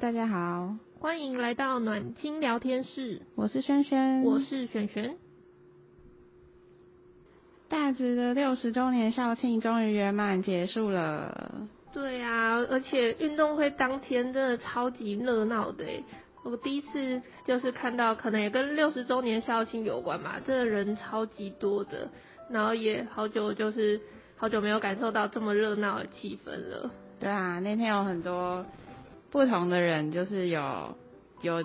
大家好，歡迎來到暖心聊天室。我是萱萱，我是璇璇。大直的六十週年校慶終於圓滿結束了。對啊，而且運動會當天真的超級熱鬧的，我第一次就是看到，可能也跟六十週年校慶有關吧，真的人超級多的。然後也好久就是好久沒有感受到這麼熱鬧的氣氛了。對啊，那天有很多。不同的人就是有有，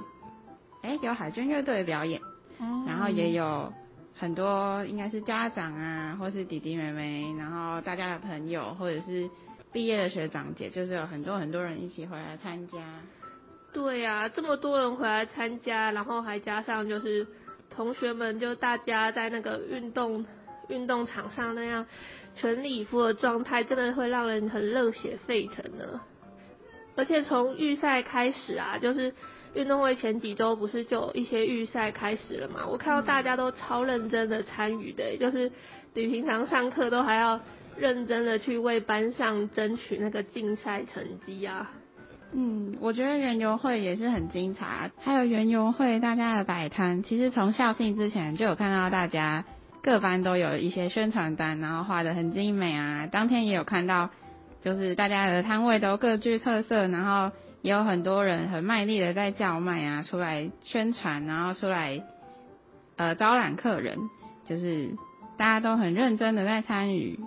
哎，有海軍樂隊的表演，嗯，然後也有很多應該是家長啊，或是弟弟妹妹，然後大家的朋友，或者是畢業的學長姐，就是有很多很多人一起回來參加。對啊，這麼多人回來參加，然後還加上就是同學們，就大家在那個運動運動場上那樣全力以赴的狀態，真的會讓人很熱血沸騰的。而且從預賽開始啊，就是運動會前幾周不是就有一些預賽開始了嘛？我看到大家都超認真的參與的、欸，就是比平常上課都還要認真的去為班上爭取那個競賽成績啊。嗯，我覺得園遊會也是很精彩，還有園遊會大家的擺攤，其實從校慶之前就有看到大家各班都有一些宣傳單，然後畫得很精美啊。當天也有看到。就是大家的攤位都各具特色，然後也有很多人很賣力的在叫賣啊，出來宣傳，然後出來呃招攬客人，就是大家都很認真的在參與。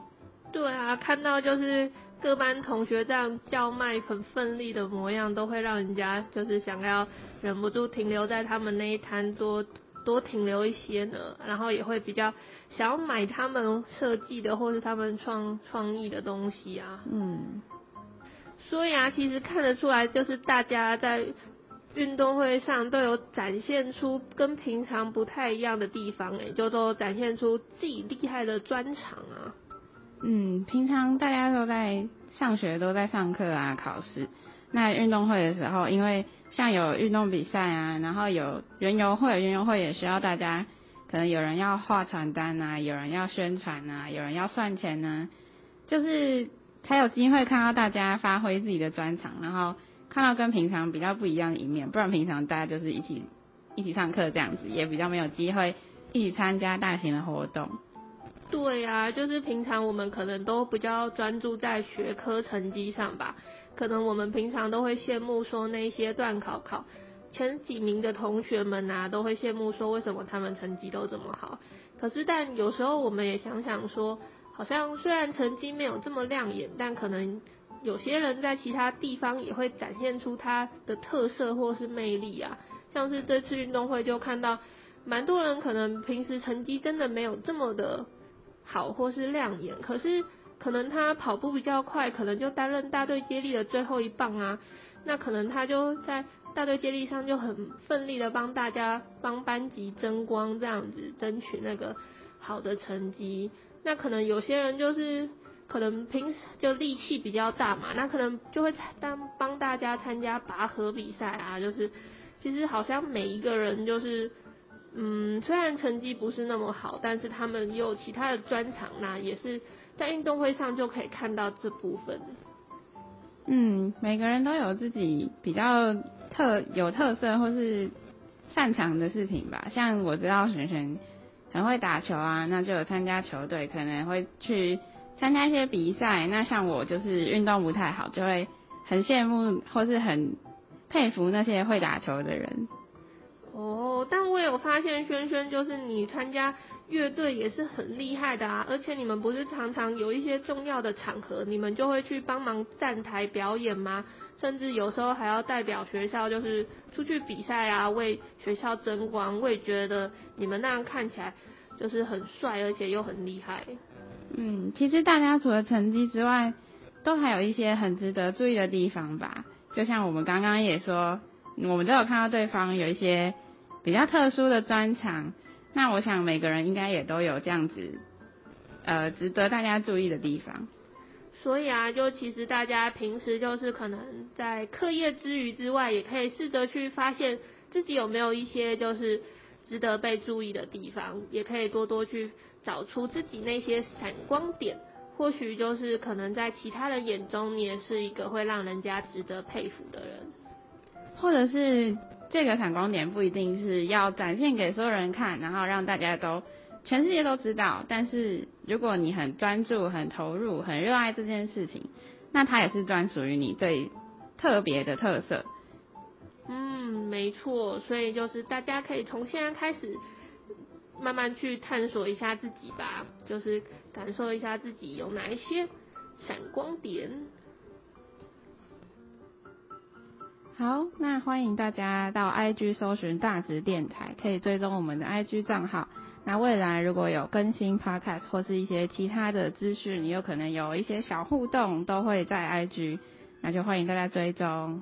對啊，看到就是各班同學這樣叫賣、很奮力的模樣，都會讓人家就是想要忍不住停留在他們那一攤多。多停留一些呢，然後也會比較想要買他們設計的或是他們創創意的東西啊。嗯，所以啊，其實看得出來，就是大家在運動會上都有展現出跟平常不太一樣的地方，也就都展現出自己厲害的專長啊。嗯，平常大家都在上學，都在上課啊，考試。那運動會的時候，因為像有運動比賽啊，然後有園遊會，園遊會也需要大家，可能有人要畫傳單啊，有人要宣傳啊，有人要算錢啊，就是才有機會看到大家發揮自己的專長，然後看到跟平常比較不一樣的一面，不然平常大家就是一起一起上課這樣子，也比較沒有機會一起參加大型的活動。對呀、啊，就是平常我們可能都比較專注在學科成績上吧，可能我們平常都會羨慕說那些段考考前幾名的同學們吶、啊，都會羨慕說為什麼他們成績都這麼好。可是，但有時候我們也想想說，好像雖然成績沒有這麼亮眼，但可能有些人在其他地方也會展現出他的特色或是魅力啊。像是這次運動會就看到，蠻多人可能平時成績真的沒有這麼的。好，或是亮眼，可是可能他跑步比較快，可能就擔任大隊接力的最後一棒啊。那可能他就在大隊接力上就很奮力的幫大家、幫班級爭光，這樣子爭取那個好的成績。那可能有些人就是可能平時就力氣比較大嘛，那可能就會當幫大家參加拔河比賽啊。就是其實好像每一個人就是。嗯，雖然成績不是那麼好，但是他們有其他的專長啊，那也是在運動會上就可以看到這部分。嗯，每個人都有自己比較特有特色或是擅長的事情吧。像我知道璇璇很會打球啊，那就有參加球隊，可能會去參加一些比賽。那像我就是運動不太好，就會很羨慕或是很佩服那些會打球的人。哦，但我也有發現，軒軒就是你參加樂隊也是很厲害的啊！而且你們不是常常有一些重要的場合，你們就會去幫忙站台表演嗎？甚至有時候還要代表學校，就是出去比賽啊，為學校爭光。我也覺得你們那樣看起來就是很帥，而且又很厲害。嗯，其實大家除了成績之外，都還有一些很值得注意的地方吧。就像我們剛剛也說，我們都有看到對方有一些，比較特殊的專長，那我想每個人應該也都有這樣子，呃，值得大家注意的地方。所以啊，就其實大家平時就是可能在課業之餘之外，也可以試着去發現自己有沒有一些就是值得被注意的地方，也可以多多去找出自己那些閃光點。或許就是可能在其他人眼中，你也是一個會讓人家值得佩服的人，或者是。這個閃光點不一定是要展現給所有人看，然後讓大家都全世界都知道。但是如果你很專注、很投入、很熱愛這件事情，那它也是專屬於你最特別的特色。嗯，沒錯。所以就是大家可以從現在開始，慢慢去探索一下自己吧，就是感受一下自己有哪一些閃光點。好，那歡迎大家到 IG 搜尋大直電台，可以追蹤我們的 IG 賬號。那未來如果有更新 Podcast 或是一些其他的資訊，你有可能有一些小互動，都會在 IG，那就歡迎大家追蹤。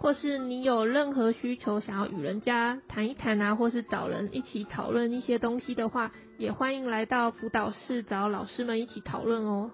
或是你有任何需求想要與人家談一談啊，或是找人一起討論一些東西的話，也歡迎來到輔導室找老師們一起討論哦。